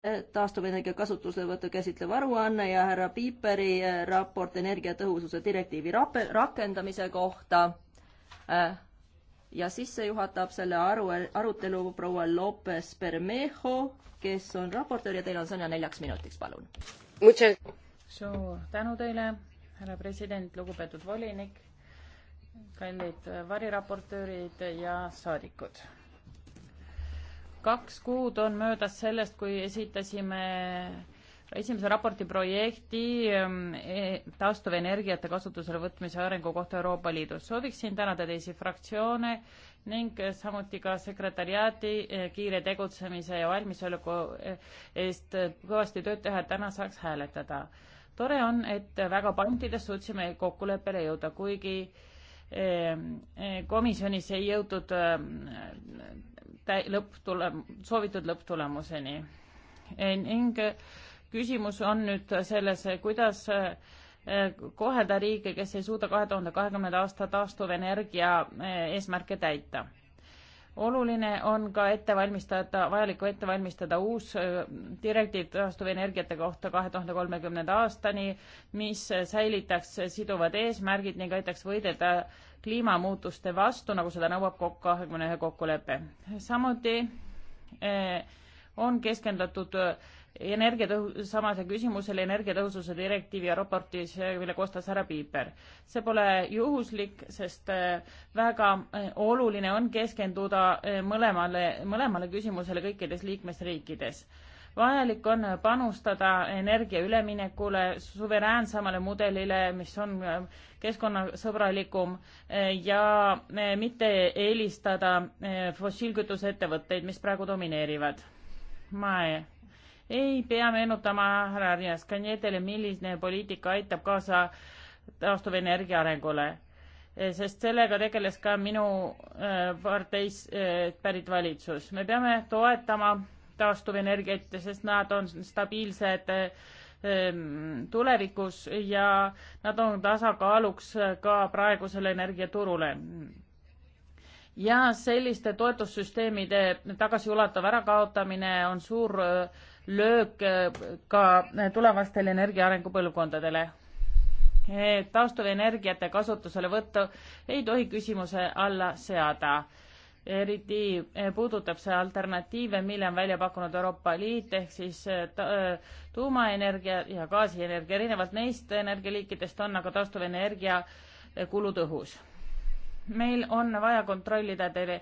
Äh, taastuvenergia kasutuselevõttu käsitlev aruanne ja härra Piiperi äh, raport energiatõhususe direktiivi rap-, rakendamise kohta. Äh, ja sisse juhatab selle aru, arutelu proua Lopes Bermejo, kes on raportöör ja teil on sõna neljaks minutiks, palun. suur tänu teile, härra president, lugupeetud volinik, kallid variraportöörid ja saadikud kaks kuud on möödas sellest, kui esitasime esimese raporti projekti ehm, e, taastuvenergiate kasutusele võtmise arengu kohta Euroopa Liidus. sooviksin tänada teisi fraktsioone ning samuti ka sekretäriaadi e, kiire tegutsemise ja valmisoleku e, eest kõvasti tööd teha, et täna saaks hääletada. tore on, et väga paljudes suutsime kokkuleppele jõuda, kuigi ehm, komisjonis ei jõutud ehm, lõpptulem-, soovitud lõpptulemuseni. ning küsimus on nüüd selles, kuidas eh, kohelda riike, kes ei suuda kahe tuhande kahekümnenda aasta taastuvenergia eh, eesmärke täita oluline on ka ette valmistada, vajalikku ette valmistada uus äh, direktiiv taastuvenergiate kohta kahe tuhande kolmekümnenda aastani, mis säilitaks siduvad eesmärgid ning aitaks võidelda kliimamuutuste vastu, nagu seda nõuab kokku kahekümne ühe kokkulepe. samuti äh, on keskendatud äh, energiatõhu-, samase küsimusele energiatõhususe direktiivi ja raportis, mille koostas härra Piiper. see pole juhuslik, sest äh, väga äh, oluline on keskenduda äh, mõlemale, mõlemale küsimusele kõikides liikmesriikides vajalik on panustada energia üleminekule suveräänsemale mudelile, mis on keskkonnasõbralikum ja mitte eelistada fossiilkütuseettevõtteid, mis praegu domineerivad. ma ei ei pea meenutama härra Arias Kanjedele, milline poliitika aitab kaasa taastuvenergia arengule. Eh, sest sellega tegeles ka minu eh, parteis eh, pärit valitsus. me peame toetama taastuvenergiat, sest nad on stabiilsed tulevikus ja nad on tasakaaluks ka praegusele energiaturule ja selliste toetussüsteemide tagasiulatav ärakaotamine on suur löök eh, ka tulevastele energia arengupõlvkondadele. Eh, taastuvenergiate kasutuselevõttu ei tohi küsimuse alla seada. eriti eh, puudutab see alternatiive, mille on välja pakkunud Euroopa Liit ehk siis tuumaenergia ja gaasienergia. erinevalt neist energialiikidest on aga taastuvenergia kulutõhus. meil on vaja kontrollida tele-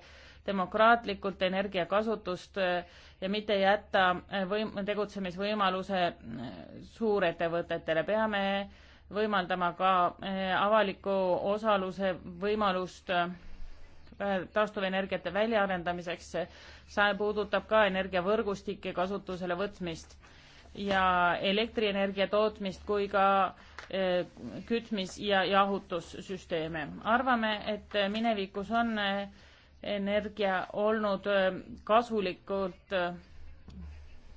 demokraatlikult energiakasutust äh, ja mitte jätta äh, võim-, tegutsemisvõimaluse äh, suurettevõtetele. peame võimaldama ka avaliku osaluse võimalust taastuvenergiate väljaarendamiseks, see puudutab ka energiavõrgustike kasutusele võtmist ja elektrienergia tootmist kui ka kütmis- ja jahutussüsteeme. arvame, et minevikus on energia olnud äh, kasulikult, äh,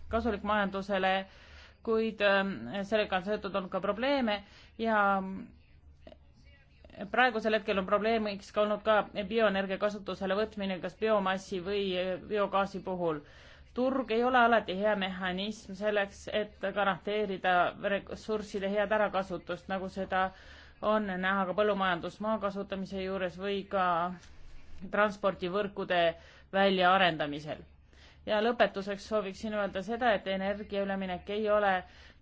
kasulik majandusele, kuid äh, sellega on seotud olnud ka probleeme ja praegusel hetkel on probleemiks ka olnud ka bioenergia kasutusele võtmine kas biomassi või biogaasi puhul. turg ei ole alati hea mehhanism selleks, et garanteerida ressursside head ärakasutust, nagu seda on näha ka põllumajandusmaa kasutamise juures või ka transpordivõrkude väljaarendamisel. ja lõpetuseks sooviksin öelda seda, et energiaüleminek ei ole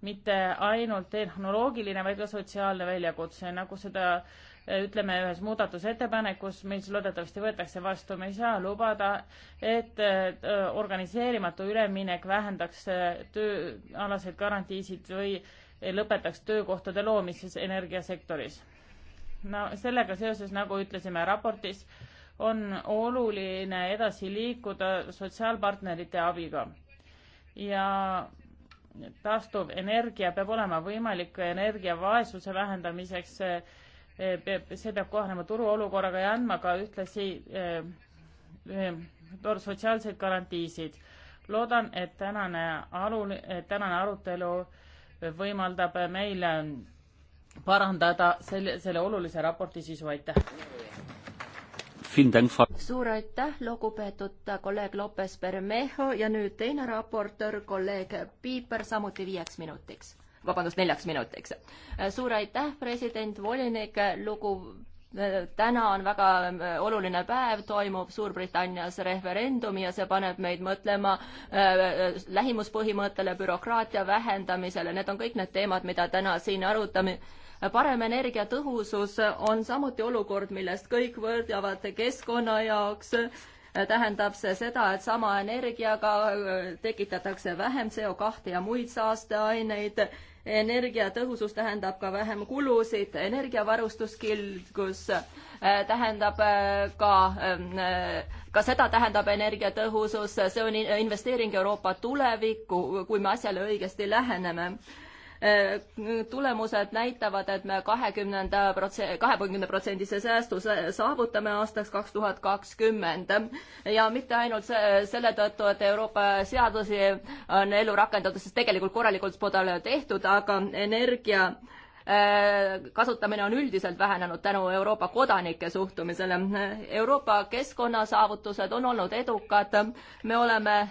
mitte ainult tehnoloogiline, vaid ka sotsiaalne väljakutse, nagu seda eh, ütleme ühes muudatusettepanekus, mis loodetavasti võetakse vastu, me ei saa lubada, et eh, organiseerimatu üleminek vähendaks eh, tööalaseid garantiisid või lõpetaks töökohtade loomises energiasektoris. no sellega seoses, nagu ütlesime raportis, on oluline edasi liikuda sotsiaalpartnerite abiga ja taastuvenergia peab olema võimalik energiavaesuse vähendamiseks, eh, see peab kohanema turuolukorraga ja andma ka ühtlasi eh, eh, sotsiaalseid garantiisid. loodan, et tänane aru, tänane arutelu võimaldab meil parandada selle, selle olulise raporti sisu, aitäh! suur aitäh, lugupeetud kolleeg Lopes Bermejo ja nüüd teine raportöör, kolleeg Piiper, samuti viieks minutiks, vabandust, neljaks minutiks. suur aitäh, president, volinik, lugu täna on väga oluline päev, toimub Suurbritannias referendum ja see paneb meid mõtlema äh, lähimuspõhimõttele, bürokraatia vähendamisele, need on kõik need teemad, mida täna siin arutame parem energiatõhusus on samuti olukord, millest kõik võrdlevad keskkonna jaoks tähendab see seda, et sama energiaga äh, tekitatakse vähem CO2 ja muid saasteaineid. energiatõhusus tähendab ka vähem kulusid, energiavarustuskilgus äh, tähendab äh, ka, ka seda tähendab energiatõhusus, see on investeering Euroopa tulevikku, kui me asjale õigesti läheneme Äh, tulemused näitavad, et me kahekümnenda protse-, kahekümne protsendise säästu saavutame aastaks kaks tuhat kakskümmend. ja mitte ainult se-, selle tõttu, et Euroopa seadusi on ellu rakendatud, sest tegelikult korralikult pole tehtud, aga energia äh, Äh, kasutamine on üldiselt vähenenud tänu Euroopa kodanike suhtumisele. Euroopa keskkonnasaavutused on olnud edukad, me oleme äh,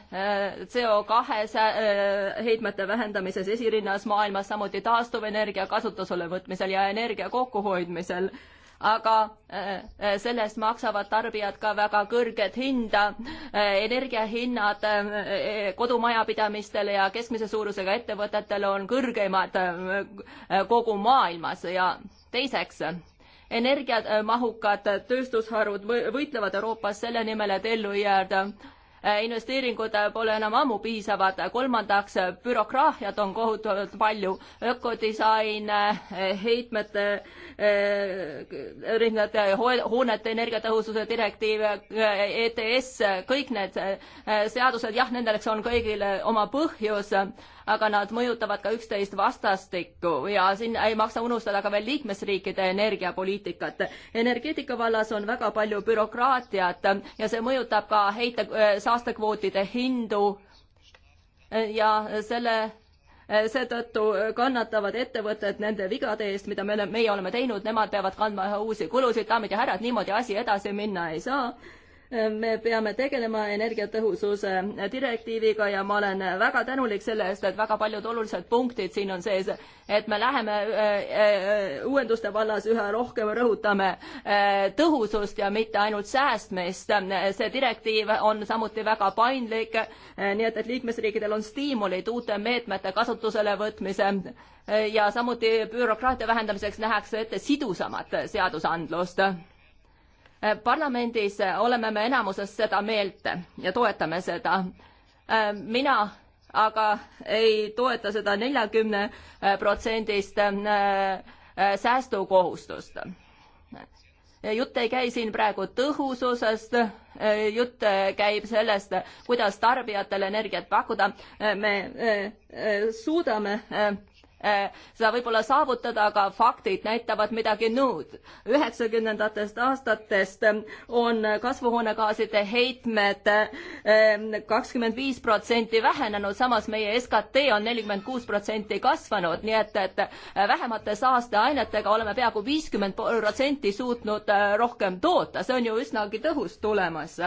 CO2 äh, heitmete vähendamises esirinnas maailmas, samuti taastuvenergia kasutusele võtmisel ja energia kokkuhoidmisel aga äh, äh, selle eest maksavad tarbijad ka väga kõrget hinda. Äh, energiahinnad kodumajapidamistel ja keskmise suurusega ettevõtetel on kõrgemad kogu maailmas ja teiseks, energiamahukad tööstusharud võitlevad Euroopas selle nimel, et ellu jääda Äh, investeeringud äh, pole enam ammu piisavad, kolmandaks äh, bürokraatiat on kohutavalt palju, ökodisain, heitmete, erinevate hoonete energiatõhususe direktiiv, ETS, kõik need seadused, jah, nendeks on kõigil oma põhjus, aga nad mõjutavad ka üksteist vastastikku ja siin ei maksa unustada ka veel liikmesriikide energiapoliitikat. energeetika vallas on väga palju bürokraatiat ja see mõjutab ka heite saastekvootide hindu ja selle seetõttu kannatavad ettevõtted nende vigade eest, mida me oleme, meie oleme teinud, nemad peavad kandma üha uusi kulusid, daamid ja härrad, niimoodi asi edasi minna ei saa me peame tegelema energiatõhususe direktiiviga ja ma olen väga tänulik selle eest, et väga paljud olulised punktid siin on sees, et me läheme äh, äh, uuenduste vallas üha rohkem rõhutame äh, tõhusust ja mitte ainult säästmist. see direktiiv on samuti väga paindlik, nii et, et liikmesriikidel on stiimulid uute meetmete kasutusele võtmise ja samuti bürokraatia vähendamiseks nähakse ette sidusamat seadusandlust parlamendis oleme me enamuses seda meelt ja toetame seda. mina aga ei toeta seda neljakümne protsendist äh, säästukohustust. jutt ei käi siin praegu tõhususest, äh, jutt käib sellest, kuidas tarbijatele energiat pakkuda. me äh, suudame Äh, seda võib-olla saavutada, aga faktid näitavad midagi nõud. üheksakümnendatest aastatest ähm, on kasvuhoonegaaside heitmed ähm, kakskümmend viis protsenti vähenenud, samas meie SKT on nelikümmend kuus protsenti kasvanud, nii et, et äh, vähemate saasteainetega oleme peaaegu viiskümmend protsenti suutnud äh, rohkem toota, see on ju üsnagi tõhus tulemus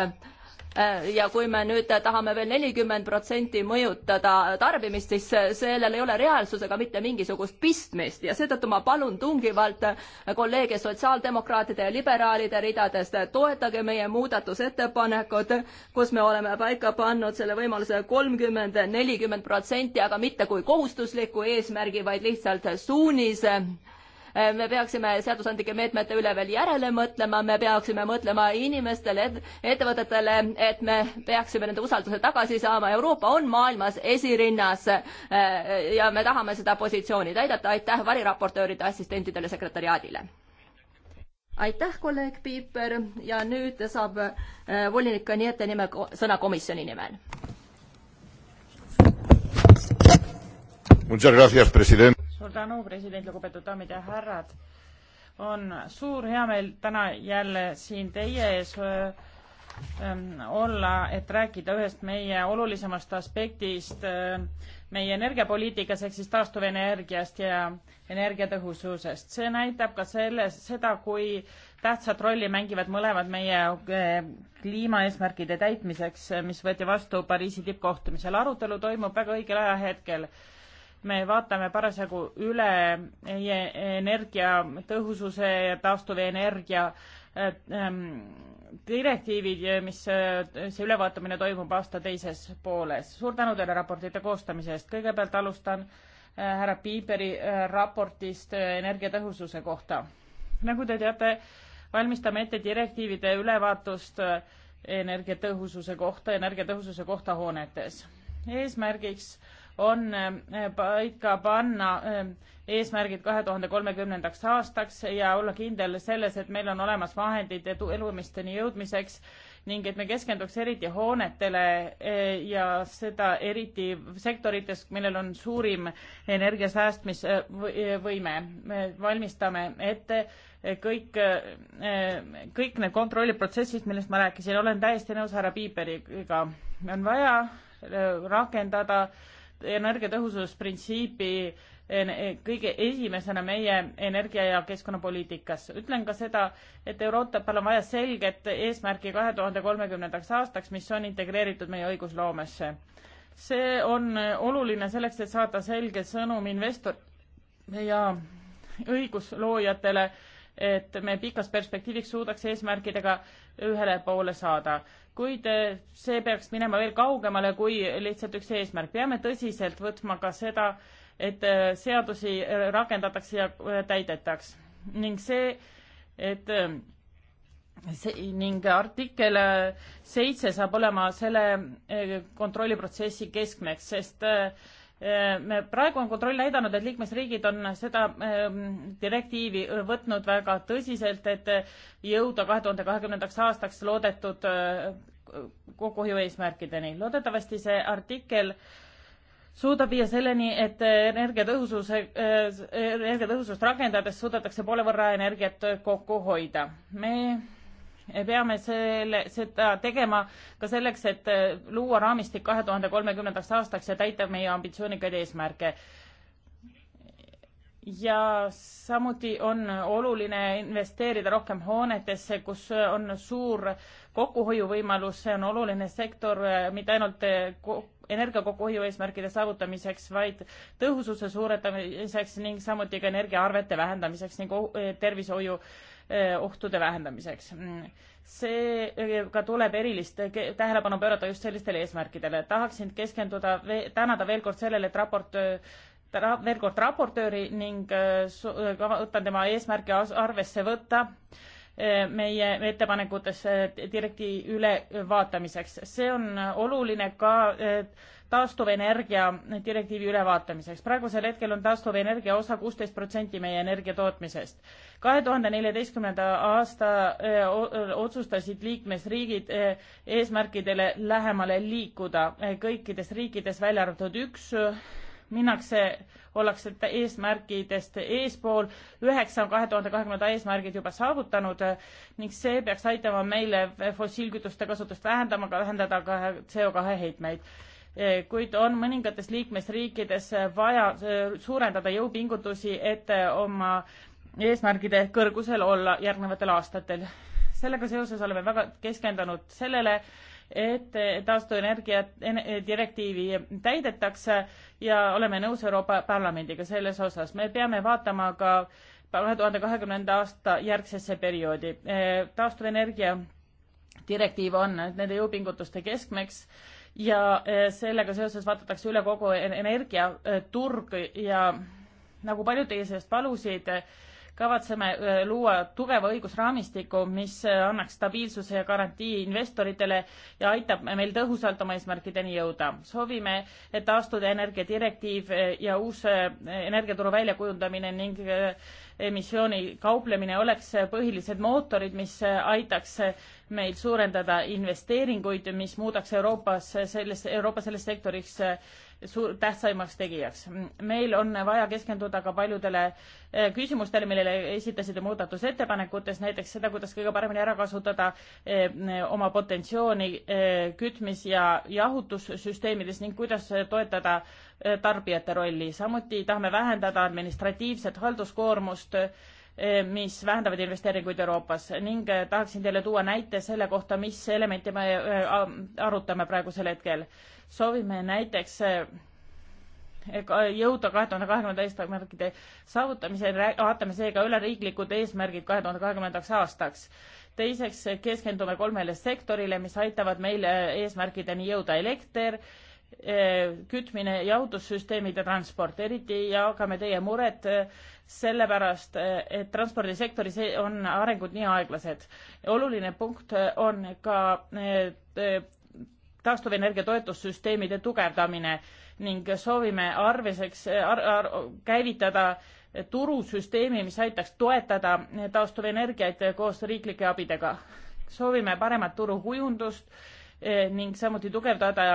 Äh, ja kui me nüüd tahame veel nelikümmend protsenti mõjutada tarbimist, siis sellel ei ole reaalsusega mitte mingisugust pistmist ja seetõttu ma palun tungivalt kolleege sotsiaaldemokraatide ja liberaalide ridadest, toetage meie muudatusettepanekud, kus me oleme paika pannud selle võimaluse kolmkümmend, nelikümmend protsenti, aga mitte kui kohustusliku eesmärgi, vaid lihtsalt suunise Äh, me peaksime seadusandlike meetmete üle veel järele mõtlema, me peaksime mõtlema inimestele, ettevõtetele, et me peaksime nende usalduse tagasi saama. Euroopa on maailmas esirinnas äh, ja me tahame seda positsiooni täidata. aitäh variraportööride assistentidele, sekretäriaadile aitäh, kolleeg Piiper ja nüüd saab äh, volinik Kaniete nime, sõna komisjoni nimel suur tänu, president, lugupeetud daamid ja härrad. on suur heameel täna jälle siin teie ees olla, et rääkida ühest meie olulisemast aspektist meie energiapoliitikas ehk siis taastuvenergiast ja energiatõhususest. see näitab ka selles, seda, kui tähtsat rolli mängivad mõlemad meie kliimaeesmärkide täitmiseks, mis võeti vastu Pariisi tippkohtumisel. arutelu toimub väga õigel ajahetkel me vaatame parasjagu üle e-, energiatõhususe ja taastuvenergia ehm, direktiivid, mis, see ülevaatamine toimub aasta teises pooles. suur tänu teile raportite koostamise eest. kõigepealt alustan äh, härra Piiberi äh, raportist äh, energiatõhususe kohta. nagu te teate, valmistame ette direktiivide ülevaatust energiatõhususe kohta, energiatõhususe kohta hoonetes. eesmärgiks on eh, paika panna eh, eesmärgid kahe tuhande kolmekümnendaks aastaks ja olla kindel selles, et meil on olemas vahendid elumisteni jõudmiseks ning et me keskenduks eriti hoonetele eh, ja seda eriti sektorites, millel on suurim energiasäästmisvõime. me valmistame ette kõik, kõik need kontrolliprotsessid, millest ma rääkisin, olen täiesti nõus härra Piiperiga. on vaja rakendada äh, energiatõhususprintsiipi kõige esimesena meie energia- ja keskkonnapoliitikas. ütlen ka seda, et Euroopal on vaja selget eesmärki kahe tuhande kolmekümnendaks aastaks, mis on integreeritud meie õigusloomesse. see on oluline selleks, et saada selge sõnum investor- ja õigusloojatele et me pikas perspektiivis suudaks eesmärkidega ühele poole saada. kuid eh, see peaks minema veel kaugemale kui lihtsalt üks eesmärk. peame tõsiselt võtma ka seda, et eh, seadusi rakendatakse ja eh, täidetaks ning see, et see ning artikkel seitse saab olema selle kontrolliprotsessi keskmeks, sest äh, Ehm, me praegu on kontroll näidanud, et liikmesriigid on seda ehm, direktiivi äh, võtnud väga tõsiselt, et äh, jõuda kahe tuhande kahekümnendaks aastaks loodetud äh, kokkuhoiu eesmärkideni. loodetavasti see artikkel suudab viia selleni, et energiatõhususe, energiatõhusust rakendades suudetakse poole võrra energiat kokku hoida. me peame selle, seda tegema ka selleks, et äh, luua raamistik kahe tuhande kolmekümnendaks aastaks ja täita meie ambitsioonikaid eesmärke. ja samuti on oluline investeerida rohkem hoonetesse, kus on suur äh, kokkuhoiuvõimalus, see on oluline sektor eh, mitte ainult eh, energia kokkuhoiu eesmärkide saavutamiseks, vaid tõhususe suurendamiseks ning samuti ka energiaarvete vähendamiseks ning eh, tervishoiu ohtude vähendamiseks. seega tuleb erilist tähelepanu pöörata just sellistele eesmärkidele. tahaksin keskenduda, tänada veel kord sellele, et raport ta, veel kord raportööri ning võtan tema eesmärke arvesse võtta meie ettepanekutesse eh, direktiivi ülevaatamiseks. see on oluline ka eh, taastuvenergia direktiivi ülevaatamiseks. praegusel hetkel on taastuvenergia osa kuusteist protsenti meie energia tootmisest. kahe tuhande neljateistkümnenda aasta eh, otsustasid liikmesriigid eesmärkidele lähemale liikuda kõikides riikides, välja arvatud üks minnakse, ollakse eesmärkidest eespool, üheksa on kahe tuhande kahekümnenda eesmärgid juba saavutanud äh, ning see peaks aitama meile fossiilkütuste kasutust vähendama, aga vähendada ka CO2 heitmeid. Äh, kuid on mõningates liikmesriikides vaja äh, suurendada jõupingutusi, et oma eesmärgide kõrgusel olla järgnevatel aastatel. sellega seoses oleme väga keskendunud sellele, et taastuvenergia direktiivi täidetakse ja oleme nõus Euroopa Parlamendiga selles osas. me peame vaatama ka kahe tuhande kahekümnenda aasta järgsesse perioodi. E, taastuvenergia direktiiv on nende jõupingutuste keskmeks ja e, sellega seoses vaadatakse üle kogu e-, energiaturg ja nagu paljud teie seast palusid, kavatseme äh, luua tugeva õigusraamistiku, mis äh, annaks stabiilsuse ja garantii investoritele ja aitab meil tõhusalt oma eesmärkideni jõuda. soovime, et taastuda energiadirektiiv äh, ja uus energiaturu väljakujundamine ning emissiooni kauplemine oleks põhilised mootorid, mis aitaks meil suurendada investeeringuid, mis muudaks Euroopas selles, Euroopa selles sektoris suur, tähtsaimaks tegijaks. meil on vaja keskenduda ka paljudele eh, küsimustele, millele esitasite muudatusettepanekutes, näiteks seda, kuidas kõige paremini ära kasutada eh, oma potentsiooni eh, kütmis- ja jahutussüsteemides ning kuidas toetada tarbijate rolli. samuti tahame vähendada administratiivset halduskoormust Eh, mis vähendavad investeeringuid Euroopas ning eh, tahaksin teile tuua näite selle kohta, mis elemente me eh, arutame praegusel hetkel. soovime näiteks jõuda kahe tuhande kahekümnenda eesmärkide saavutamiseni, vaatame seega üle riiklikud eesmärgid kahe tuhande kahekümnendaks aastaks. teiseks keskendume kolmele sektorile, mis aitavad meil eesmärkideni jõuda, elekter, kütmine, jahutussüsteemid ja transport, eriti jagame teie muret sellepärast et transpordisektoris e- on arengud nii aeglased. oluline punkt on ka e, taastuvenergia toetussüsteemide tugevdamine ning soovime arveseks ar ar käivitada turusüsteemi, mis aitaks toetada taastuvenergiaid koos riiklike abidega. soovime paremat turukujundust e, ning samuti tugevdada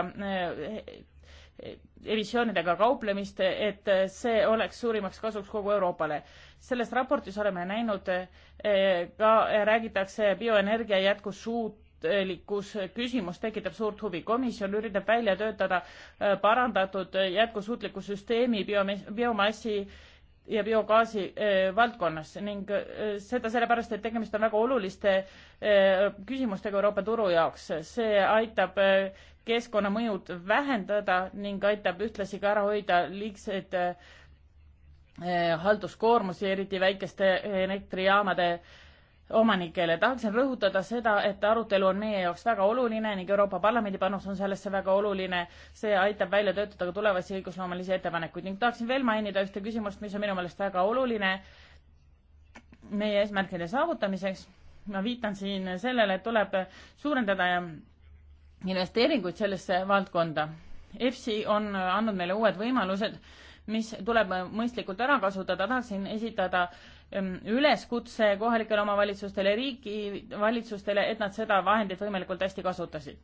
emissioonidega kauplemist, et see oleks suurimaks kasuks kogu Euroopale. selles raportis oleme näinud eh, ka, räägitakse bioenergia jätkusuutlikkus küsimus tekitab suurt huvi. komisjon üritab välja töötada eh, parandatud jätkusuutliku süsteemi biomassi ja biogaasi äh, valdkonnas ning äh, seda sellepärast, et tegemist on väga oluliste äh, küsimustega Euroopa turu jaoks. see aitab keskkonnamõjud vähendada ning aitab ühtlasi ka ära hoida liigseid halduskoormusi, eriti väikeste elektrijaamade omanikele. tahaksin rõhutada seda, et arutelu on meie jaoks väga oluline ning Euroopa Parlamendi panus on sellesse väga oluline. see aitab välja töötada ka tulevasi õigusloomelisi ettepanekuid ning tahaksin veel mainida ühte küsimust, mis on minu meelest väga oluline meie eesmärkide saavutamiseks. ma viitan siin sellele, et tuleb suurendada investeeringuid sellesse valdkonda. EFSI on andnud meile uued võimalused, mis tuleb mõistlikult ära kasutada. tahaksin esitada äh, üleskutse kohalikele omavalitsustele, riigivalitsustele, et nad seda vahendit võimalikult hästi kasutasid.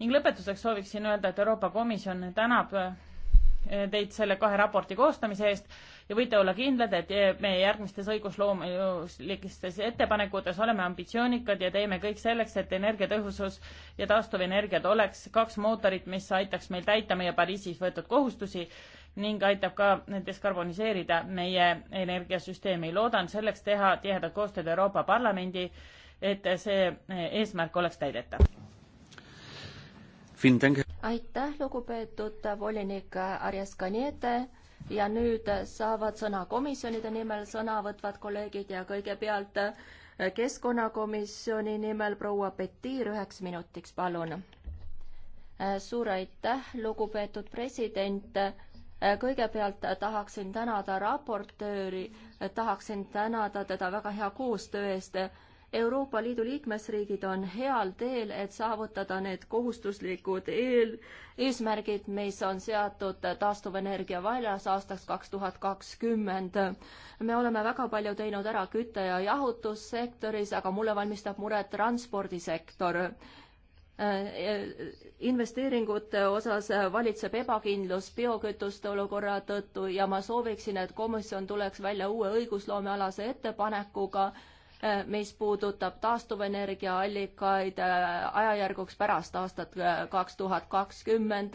ning lõpetuseks sooviksin öelda, et Euroopa Komisjon tänab eh, teid selle kahe raporti koostamise eest ja võite olla kindlad, et eh, meie järgmistes õigusloomulikestes ettepanekutes oleme ambitsioonikad ja teeme kõik selleks, et energiatõhusus ja taastuvenergiad oleks kaks mootorit, mis aitaks meil täita meie Pariisis võetud kohustusi ning aitab ka deskarboniseerida meie energiasüsteemi. loodan selleks teha tihedat koostööd Euroopa Parlamendi, et see eesmärk oleks täidetav. aitäh, lugupeetud volinik Arias Kaniete ja nüüd saavad sõna komisjonide nimel sõna võtvad kolleegid ja kõigepealt keskkonnakomisjoni nimel proua Petiir üheks minutiks, palun. suur aitäh, lugupeetud president kõigepealt tahaksin tänada raportööri, tahaksin tänada teda väga hea koostöö eest. Euroopa Liidu liikmesriigid on heal teel, et saavutada need kohustuslikud eel, eesmärgid, mis on seatud taastuvenergia väljas aastaks kaks tuhat kakskümmend. me oleme väga palju teinud ära kütte- ja jahutussektoris, aga mulle valmistab muret transpordisektor Äh, investeeringute osas valitseb ebakindlus biokütuste olukorra tõttu ja ma sooviksin, et komisjon tuleks välja uue õigusloomealase ettepanekuga, äh, mis puudutab taastuvenergiaallikaid äh, ajajärguks pärast aastat kaks tuhat kakskümmend.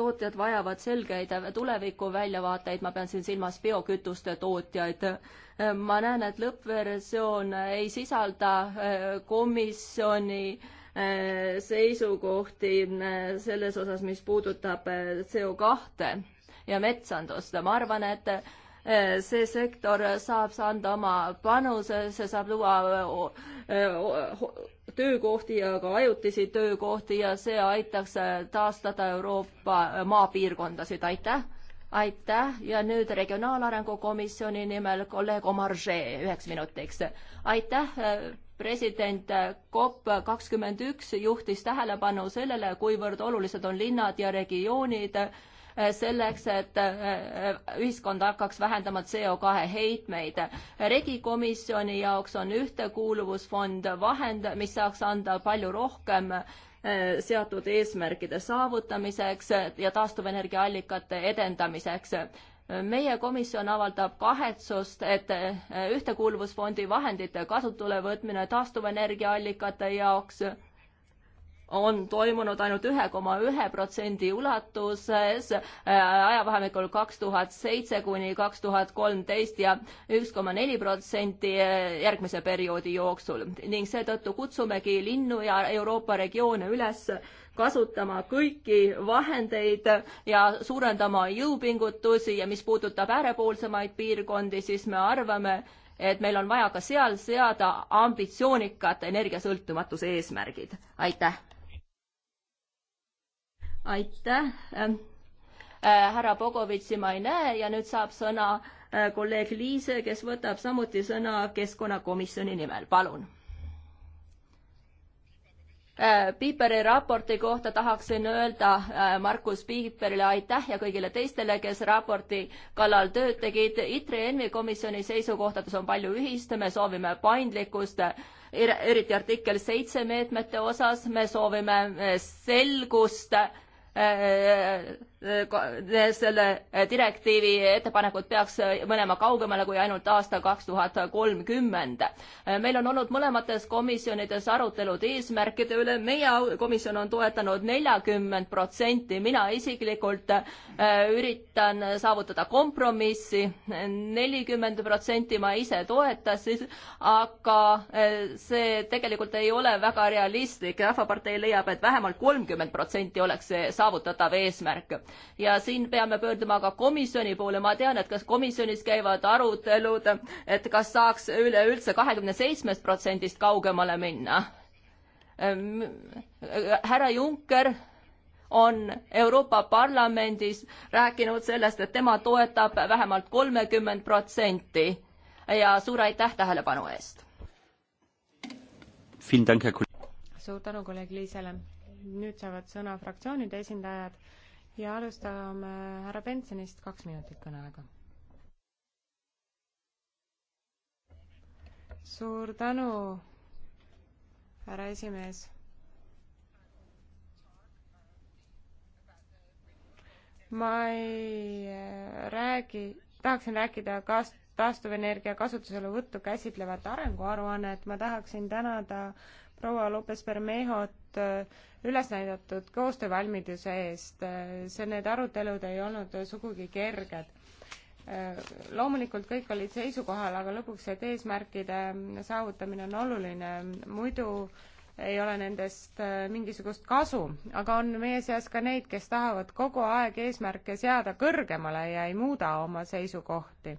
tootjad vajavad selgeid tulevikuväljavaateid, ma pean siin silmas biokütuste tootjaid. ma näen, et lõppversioon ei sisalda komisjoni Äh, seisukohti äh, selles osas, mis puudutab äh, CO kahte ja metsandust. ma arvan, et see sektor saab anda oma panuse, see saab luua töökohti ja ka ajutisi töökohti ja see aitaks taastada Euroopa maapiirkondasid, aitäh! aitäh ja nüüd Regionaalarengu Komisjoni nimel kolleeg Omar Žee üheks minutiks. aitäh! president COP kakskümmend üks juhtis tähelepanu sellele, kuivõrd olulised on linnad ja regioonid eh, selleks, et eh, ühiskond hakkaks vähendama CO2 heitmeid. regikomisjoni jaoks on ühtekuuluvusfond vahend, mis saaks anda palju rohkem eh, seatud eesmärkide saavutamiseks ja taastuvenergiaallikate edendamiseks meie komisjon avaldab kahetsust, et eh, Ühtekuuluvusfondi vahendite kasutusele võtmine taastuvenergiaallikate jaoks on toimunud ainult ühe koma ühe protsendi ulatuses eh, ajavahemikul kaks tuhat seitse kuni kaks tuhat kolmteist ja üks koma neli protsenti eh, järgmise perioodi jooksul ning seetõttu kutsumegi linnu ja Euroopa regioone üles kasutama kõiki vahendeid ja suurendama jõupingutusi ja mis puudutab äärepoolsemaid piirkondi, siis me arvame, et meil on vaja ka seal seada ambitsioonikad energiasõltumatuse eesmärgid. aitäh! aitäh ähm, äh,! härra Bogovitši ma ei näe ja nüüd saab sõna äh, kolleeg Liise, kes võtab samuti sõna keskkonnakomisjoni nimel, palun Äh, Piiperi raporti kohta tahaksin öelda äh, Markus Piiperile aitäh ja kõigile teistele, kes raporti kallal tööd tegid. ITRE ENVI komisjoni seisukohtades on palju ühist, me soovime paindlikkust, er-, eriti artikkel seitse meetmete osas, me soovime äh, selgust äh, Äh, äh, selle direktiivi ettepanekud peaks mõlema kaugemale kui ainult aasta kaks tuhat kolmkümmend. Äh, meil on olnud mõlemates komisjonides arutelud eesmärkide üle, meie komisjon on toetanud neljakümmend protsenti, mina isiklikult üritan saavutada kompromissi, nelikümmend protsenti ma ise toetasin, aga see tegelikult ei ole väga realistlik, Rahvapartei leiab, et vähemalt kolmkümmend protsenti oleks see saavutatav eesmärk. ja siin peame pöörduma ka komisjoni poole, ma tean, et kas komisjonis käivad arutelud, et kas saaks üleüldse kahekümne seitsmest protsendist kaugemale minna. Ehm, härra Juncker on Euroopa Parlamendis rääkinud sellest, et tema toetab vähemalt kolmekümmend protsenti ja suur aitäh tähelepanu eest! suur tänu kolleeg Liisele! nüüd saavad sõna fraktsioonide esindajad ja alustame härra Bensonist, kaks minutit kõneaega. suur tänu, härra esimees. ma ei äh, räägi, tahaksin rääkida kas-, taastuvenergia kasutuselevõttu käsitlevat arenguaruannet, ma tahaksin tänada proua Lopes Bermehot äh, üles näidatud koostöövalmiduse eest. Äh, see, need arutelud ei olnud sugugi kerged. Äh, loomulikult kõik olid seisukohal, aga lõpuks, et eesmärkide saavutamine on oluline, muidu ei ole nendest mingisugust kasu, aga on meie seas ka neid, kes tahavad kogu aeg eesmärke seada kõrgemale ja ei muuda oma seisukohti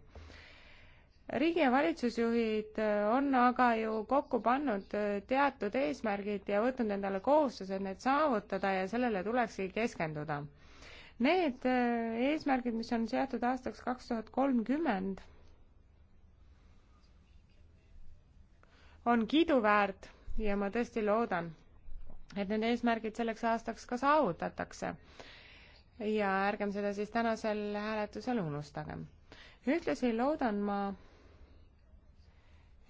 riigi ja valitsusjuhid äh, on aga ju kokku pannud äh, teatud eesmärgid ja võtnud endale kohustused need saavutada ja sellele tulekski keskenduda. Need äh, eesmärgid, mis on seatud aastaks kaks tuhat kolmkümmend, on kiiduväärt ja ma tõesti loodan, et need eesmärgid selleks aastaks ka saavutatakse. ja ärgem seda siis tänasel hääletusel unustagem. ühtlasi loodan ma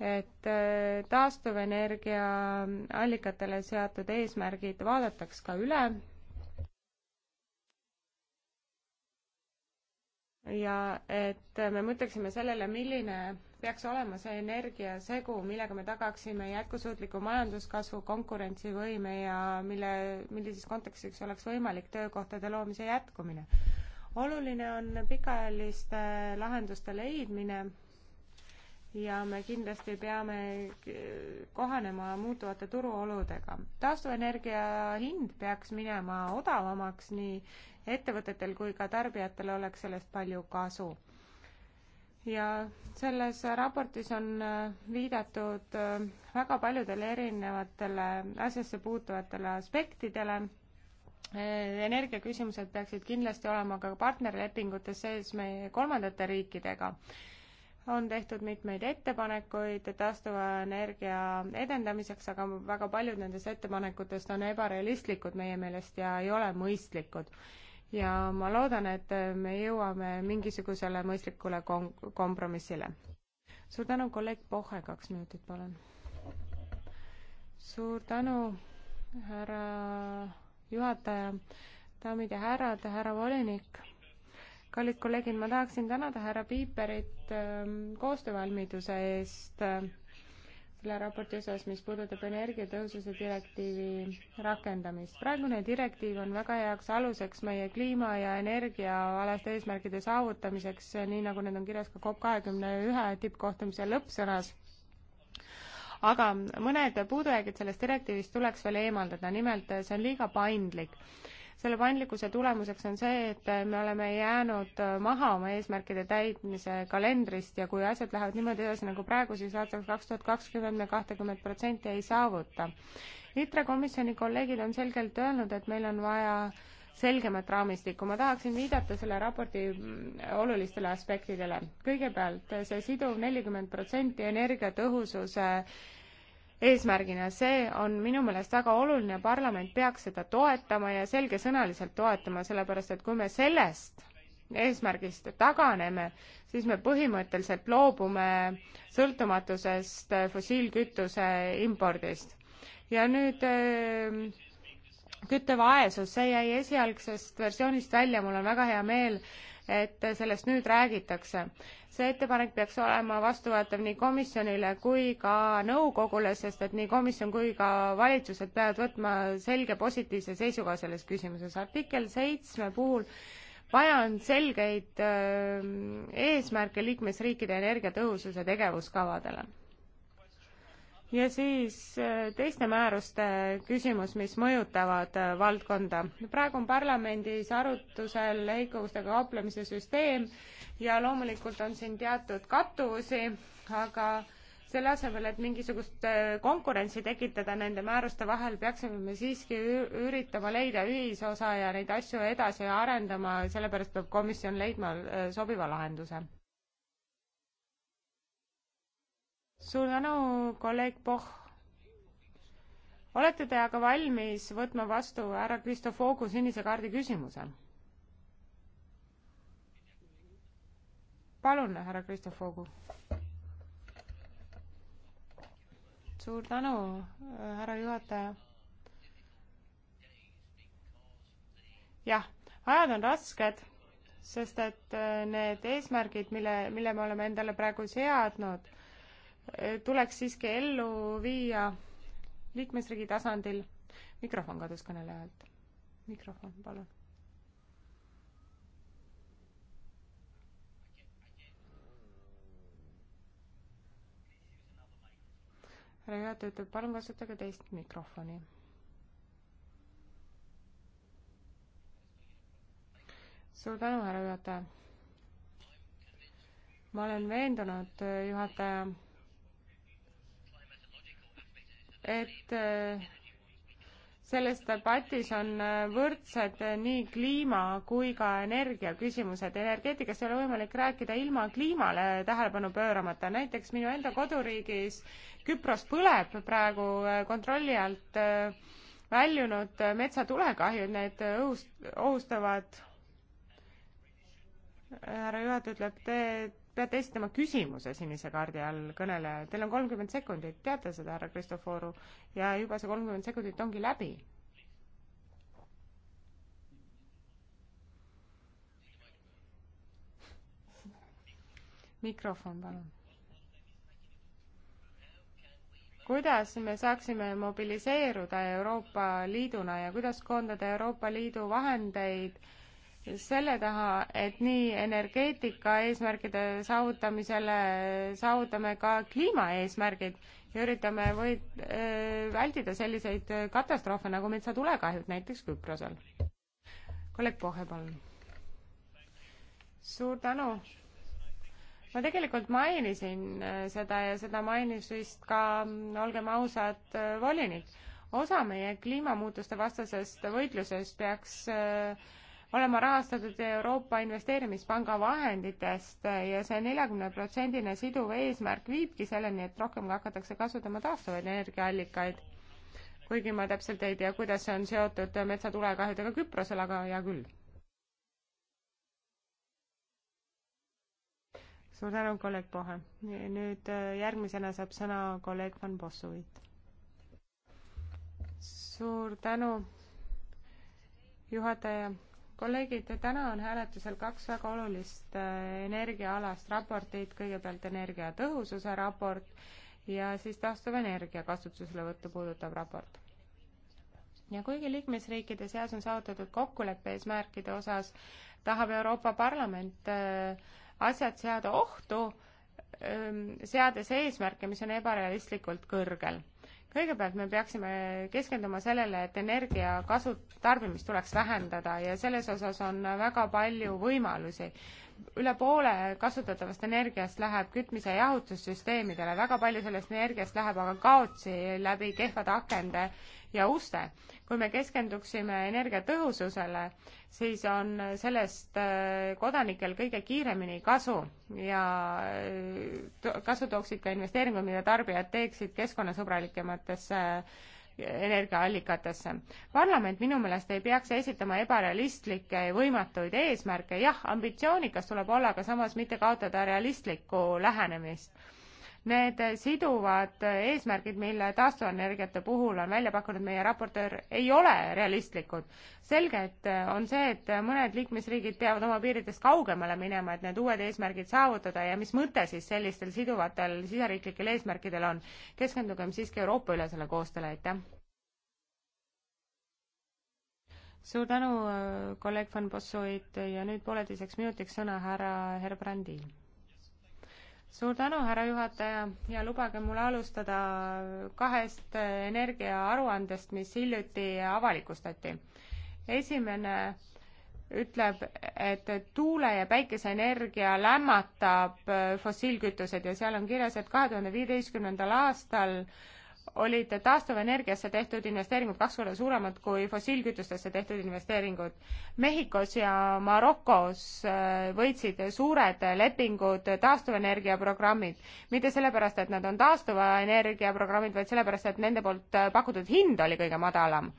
et äh, taastuvenergia allikatele seatud eesmärgid vaadataks ka üle ja et me mõtleksime sellele, milline peaks olema see energiasegu, millega me tagaksime jätkusuutliku majanduskasvu, konkurentsivõime ja mille, millises kontekstis oleks võimalik töökohtade loomise jätkumine. oluline on pikaajaliste lahenduste leidmine ja me kindlasti peame kohanema muutuvate turuoludega. taastuvenergia hind peaks minema odavamaks, nii ettevõtetel kui ka tarbijatel oleks sellest palju kasu ja selles raportis on äh, viidatud äh, väga paljudele erinevatele asjasse puutuvatele aspektidele. Äh, energiaküsimused peaksid kindlasti olema ka partnerlepingutes sees meie kolmandate riikidega on tehtud mitmeid ettepanekuid taastuva energia edendamiseks, aga väga paljud nendest ettepanekutest on ebarealistlikud meie meelest ja ei ole mõistlikud. ja ma loodan, et me jõuame mingisugusele mõistlikule kom-, kompromissile. suur tänu, kolleeg Pohe, kaks minutit, palun. suur tänu, härra juhataja, daamid ja härrad, härra volinik kallid kolleegid, ma tahaksin tänada härra Piiperit ähm, koostöövalmiduse eest äh, selle raporti osas, mis puudutab energiatõhususe direktiivi rakendamist. praegune direktiiv on väga heaks aluseks meie kliima- ja energiaalaste eesmärkide saavutamiseks, nii nagu need on kirjas ka COP kahekümne ühe tippkohtumise lõppsõnas aga mõned puudujäägid sellest direktiivist tuleks veel eemaldada, nimelt äh, see on liiga paindlik selle paindlikkuse tulemuseks on see, et me oleme jäänud äh, maha oma eesmärkide täitmise kalendrist ja kui asjad lähevad niimoodi edasi nagu praegu, siis aastaks kaks tuhat kakskümmend me kahtekümmet protsenti ei saavuta. ITRE komisjoni kolleegid on selgelt öelnud, et meil on vaja selgemat raamistikku. ma tahaksin viidata selle raporti mm, olulistele aspektidele. kõigepealt see siduv nelikümmend protsenti energiatõhususe äh, eesmärgina, see on minu meelest väga oluline, parlament peaks seda toetama ja selgesõnaliselt toetama, sellepärast et kui me sellest eesmärgist taganeme, siis me põhimõtteliselt loobume sõltumatusest fossiilkütuse impordist. ja nüüd äh, küttevaesus, see jäi esialgsest versioonist välja, mul on väga hea meel, et sellest nüüd räägitakse see ettepanek peaks olema vastuvõetav nii komisjonile kui ka nõukogule, sest et nii komisjon kui ka valitsused peavad võtma selge positiivse seisukoha selles küsimuses. artikkel seitsme puhul vaja on selgeid öö, eesmärke liikmesriikide energiatõhususe tegevuskavadele ja siis äh, teiste määruste küsimus, mis mõjutavad äh, valdkonda. praegu on parlamendis arutusel heitkogustega kauplemise süsteem ja loomulikult on siin teatud kattuvusi, aga selle asemel, et mingisugust äh, konkurentsi tekitada nende määruste vahel, peaksime me siiski üritama leida ühisosa ja neid asju edasi arendama, sellepärast peab komisjon leidma sobiva lahenduse. suur tänu, kolleeg Poh. olete te aga valmis võtma vastu härra Kristo Foogu sinise kaardi küsimuse? palun, härra Kristo Foogu. suur tänu, härra juhataja. jah, ajad on rasked, sest et eh, need eesmärgid, mille, mille me oleme endale praegu seadnud, tuleks siiski ellu viia liikmesriigi tasandil. mikrofon kadus kõnelejalt. mikrofon, palun. härra juhataja ütleb, palun kasutage teist mikrofoni. suur tänu, härra juhataja. ma olen veendunud, juhataja et äh, selles debatis on äh, võrdsed äh, nii kliima kui ka energiaküsimused. energeetikast ei ole võimalik rääkida ilma kliimale tähelepanu pööramata. näiteks minu enda koduriigis Küpros põleb praegu kontrolli alt väljunud metsatulekahjud, need õhust, ohustavad härra juhataja ütleb, te peate esitama küsimuse sinise kaardi all kõnelejale, teil on kolmkümmend sekundit, teate seda, härra Kristoforu, ja juba see kolmkümmend sekundit ongi läbi. mikrofon, palun. kuidas me saaksime mobiliseeruda Euroopa Liiduna ja kuidas koondada Euroopa Liidu vahendeid äh, selle taha, et nii energeetika eesmärkide saavutamisele saavutame ka kliimaeesmärgid ja üritame või äh, vältida selliseid äh, katastroofe nagu metsatulekahjud näiteks Küprosel. kolleeg Pohe, palun. suur tänu. ma tegelikult mainisin äh, seda ja seda mainis vist ka, mm, olgem ausad, äh, volinik. osa meie kliimamuutuste vastasest võitlusest peaks äh, olema rahastatud Euroopa Investeerimispanga vahenditest ja see neljakümneprotsendine siduv eesmärk viibki selleni, et rohkem hakatakse kasutama taastuvaid energiaallikaid. kuigi ma täpselt ei tea, kuidas see on seotud metsatulekahjudega Küprosel, aga hea küll. suur tänu, kolleeg Pohe. nüüd äh, järgmisena saab sõna kolleeg Van Bossuvit suur tänu, juhataja kolleegid, täna on hääletusel kaks väga olulist äh, energiaalast raportit, kõigepealt energiatõhususe raport ja siis taastuvenergia kasutuselevõttu puudutav raport. ja kuigi liikmesriikide seas on saavutatud kokkulepe eesmärkide osas, tahab Euroopa Parlament äh, asjad seada ohtu, ähm, seades eesmärke, mis on ebarealistlikult kõrgel kõigepealt me peaksime keskenduma sellele, et energia kasu, tarbimist tuleks vähendada ja selles osas on väga palju võimalusi üle poole kasutatavast energiast läheb kütmise ja jahutussüsteemidele, väga palju sellest energiast läheb aga kaotsi läbi kehvade akende ja uste. kui me keskenduksime energiatõhususele, siis on sellest äh, kodanikel kõige kiiremini kasu ja äh, kasu tooksid ka investeeringud, mida tarbijad teeksid keskkonnasõbralikematesse energiaallikatesse. parlament minu meelest ei peaks esitama ebarealistlikke ja võimatuid eesmärke, jah, ambitsioonikas tuleb olla, aga samas mitte kaotada realistlikku lähenemist Need siduvad eesmärgid, mille taastuvenergiate puhul on välja pakkunud meie raportöör, ei ole realistlikud. selge, et on see, et mõned liikmesriigid peavad oma piiridest kaugemale minema, et need uued eesmärgid saavutada ja mis mõte siis sellistel siduvatel siseriiklikel eesmärkidel on. keskendugem siiski Euroopa-ülesele koostööle, aitäh! suur tänu, kolleeg Van Bossuit ja nüüd pooleteiseks minutiks sõna härra Herbrandil suur tänu, härra juhataja ja lubage mul alustada kahest energiaaruandest, mis hiljuti avalikustati. esimene ütleb, et tuule- ja päikeseenergia lämmatab fossiilkütused ja seal on kirjas, et kahe tuhande viieteistkümnendal aastal äh, olid taastuvenergiasse tehtud investeeringud kaks korda suuremad kui fossiilkütustesse tehtud investeeringud. Mehhikos ja Marokos äh, võitsid suured lepingud taastuvenergia programmid, mitte sellepärast, et nad on taastuva energia programmid, vaid sellepärast, et nende poolt äh, pakutud hind oli kõige madalam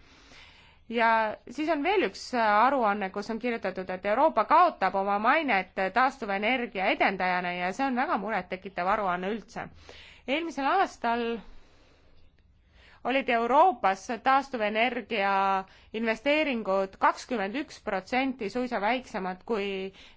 ja siis on veel üks äh, aruanne, kus on kirjutatud, et Euroopa kaotab oma mainet taastuvenergia edendajana ja see on väga murettekitav aruanne üldse. eelmisel aastal olid Euroopas taastuvenergia investeeringud kakskümmend üks protsenti suisa väiksemad kui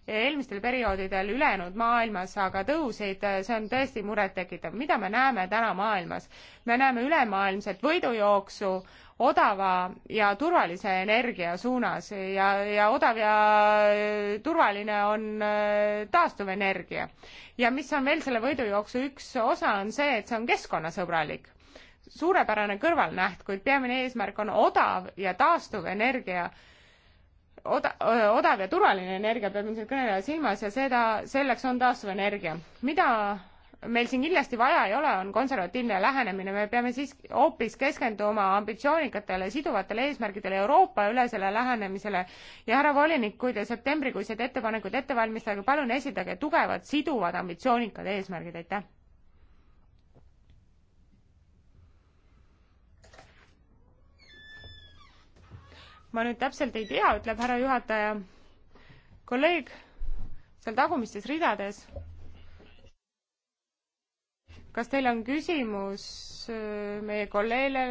eelmistel perioodidel ülejäänud maailmas, aga tõusid, see on tõesti murettekitav. mida me näeme täna maailmas? me näeme ülemaailmset võidujooksu odava ja turvalise energia suunas ja, ja odav ja äh, turvaline on äh, taastuvenergia. ja mis on veel selle võidujooksu üks osa, on see, et see on keskkonnasõbralik suurepärane kõrvalnäht, kuid peamine eesmärk on odav ja taastuv energia. Oda-, odav ja turvaline energia peab ilmselt kõneleja silmas ja seda, selleks on taastuvenergia. mida meil siin kindlasti vaja ei ole, on konservatiivne lähenemine, me peame siis hoopis keskenduma ambitsioonikatele siduvatele eesmärgidele Euroopa-ülesele lähenemisele ja härra volinik, kui te septembrikuised ettepanekud ette valmistage, palun esitage tugevad, siduvad, ambitsioonikad eesmärgid, aitäh! ma nüüd täpselt ei tea, ütleb härra juhataja, kolleeg seal tagumistes ridades. kas teil on küsimus äh, meie kolleegile?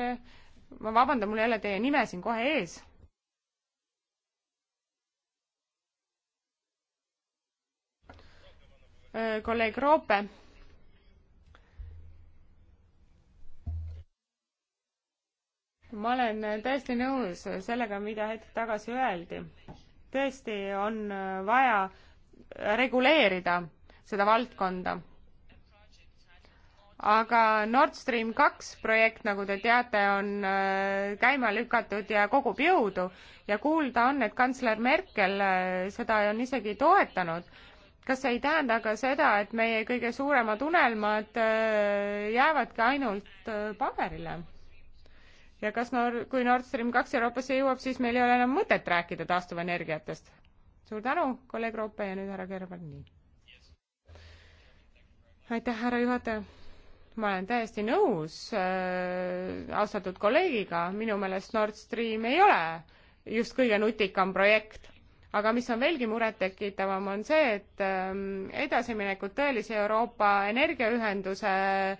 ma vabandan, mul ei ole teie nime siin kohe ees äh, kolleeg Roope. ma olen täiesti nõus sellega, mida hetk tagasi öeldi. tõesti on vaja reguleerida seda valdkonda. aga Nord Stream kaks projekt, nagu te teate, on äh, käima lükatud ja kogub jõudu ja kuulda on, et kantsler Merkel äh, seda on isegi toetanud kas see ei tähenda ka seda, et meie kõige suuremad unelmad äh, jäävadki ainult paberile? ja kas Nor-, kui Nord Stream kaks Euroopasse jõuab, siis meil ei ole enam mõtet rääkida taastuvenergiatest. suur tänu, kolleeg Roope ja nüüd härra Kerber, nii. aitäh, härra juhataja. ma olen täiesti nõus äh, austatud kolleegiga, minu meelest Nord Stream ei ole just kõige nutikam projekt aga mis on veelgi murettekitavam, on see, et ähm, edasiminekut tõelise Euroopa energiaühenduse äh,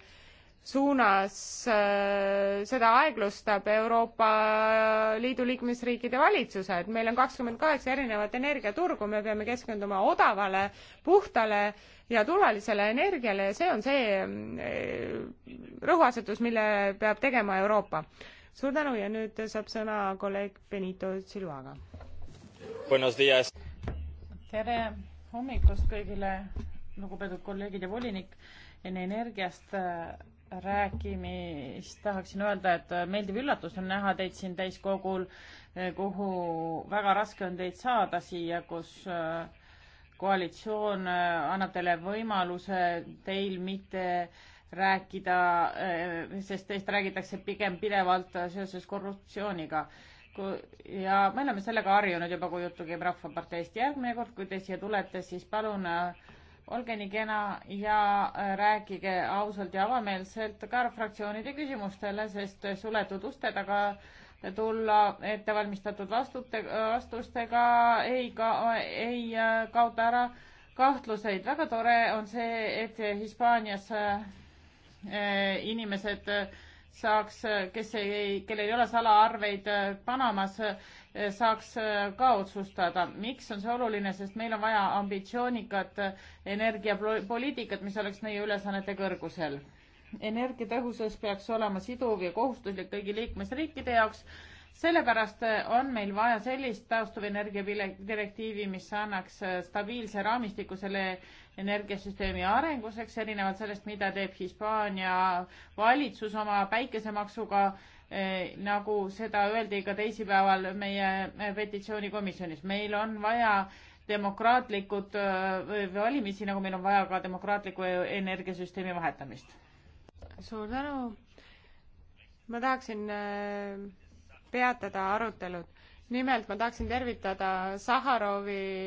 suunas äh, seda aeglustab Euroopa Liidu liikmesriikide valitsused. meil on kakskümmend kaheksa erinevat energiaturgu, me peame keskenduma odavale, puhtale ja turvalisele energiale ja see on see äh, rõhuasetus, mille peab tegema Euroopa. suur tänu ja nüüd saab sõna kolleeg Benito Siluaga. tere hommikust kõigile, lugupeetud kolleegid ja volinik, enne energiast äh, rääkimist tahaksin öelda, et äh, meeldiv üllatus on näha teid siin täiskogul, äh, kuhu väga raske on teid saada siia, kus äh, koalitsioon annab teile võimaluse teil mitte rääkida, sest teist räägitakse pigem pidevalt seoses korruptsiooniga. ja me oleme sellega harjunud juba, kui juttu käib Rahvaparteist. järgmine kord, kui te siia tulete, siis palun äh, olge nii kena ja äh, rääkige ausalt ja avameelselt ka fraktsioonide küsimustele, sest suletud uste taga tulla ettevalmistatud vastute, vastustega ei ka, ei äh, kaota ära kahtluseid. väga tore on see, et Hispaanias äh, inimesed saaks, kes ei, kellel ei ole salaarveid Panamas, saaks äh, ka otsustada. miks on see oluline, sest meil on vaja ambitsioonikat energiapoliitikat, mis oleks meie ülesannete kõrgusel. energiatõhusus peaks olema siduv ja kohustuslik kõigi liikmesriikide jaoks. sellepärast äh, on meil vaja sellist taastuvenergia direktiivi, mis annaks äh, stabiilse raamistiku selle energiasüsteemi arenguseks, erinevalt sellest, mida teeb Hispaania valitsus oma päikesemaksuga Eh, nagu seda öeldi ka teisipäeval meie eh, petitsioonikomisjonis. meil on vaja demokraatlikud eh, valimisi, nagu meil on vaja ka demokraatliku energiasüsteemi vahetamist. suur tänu. ma tahaksin peatada arutelud. nimelt ma tahaksin tervitada Saharovi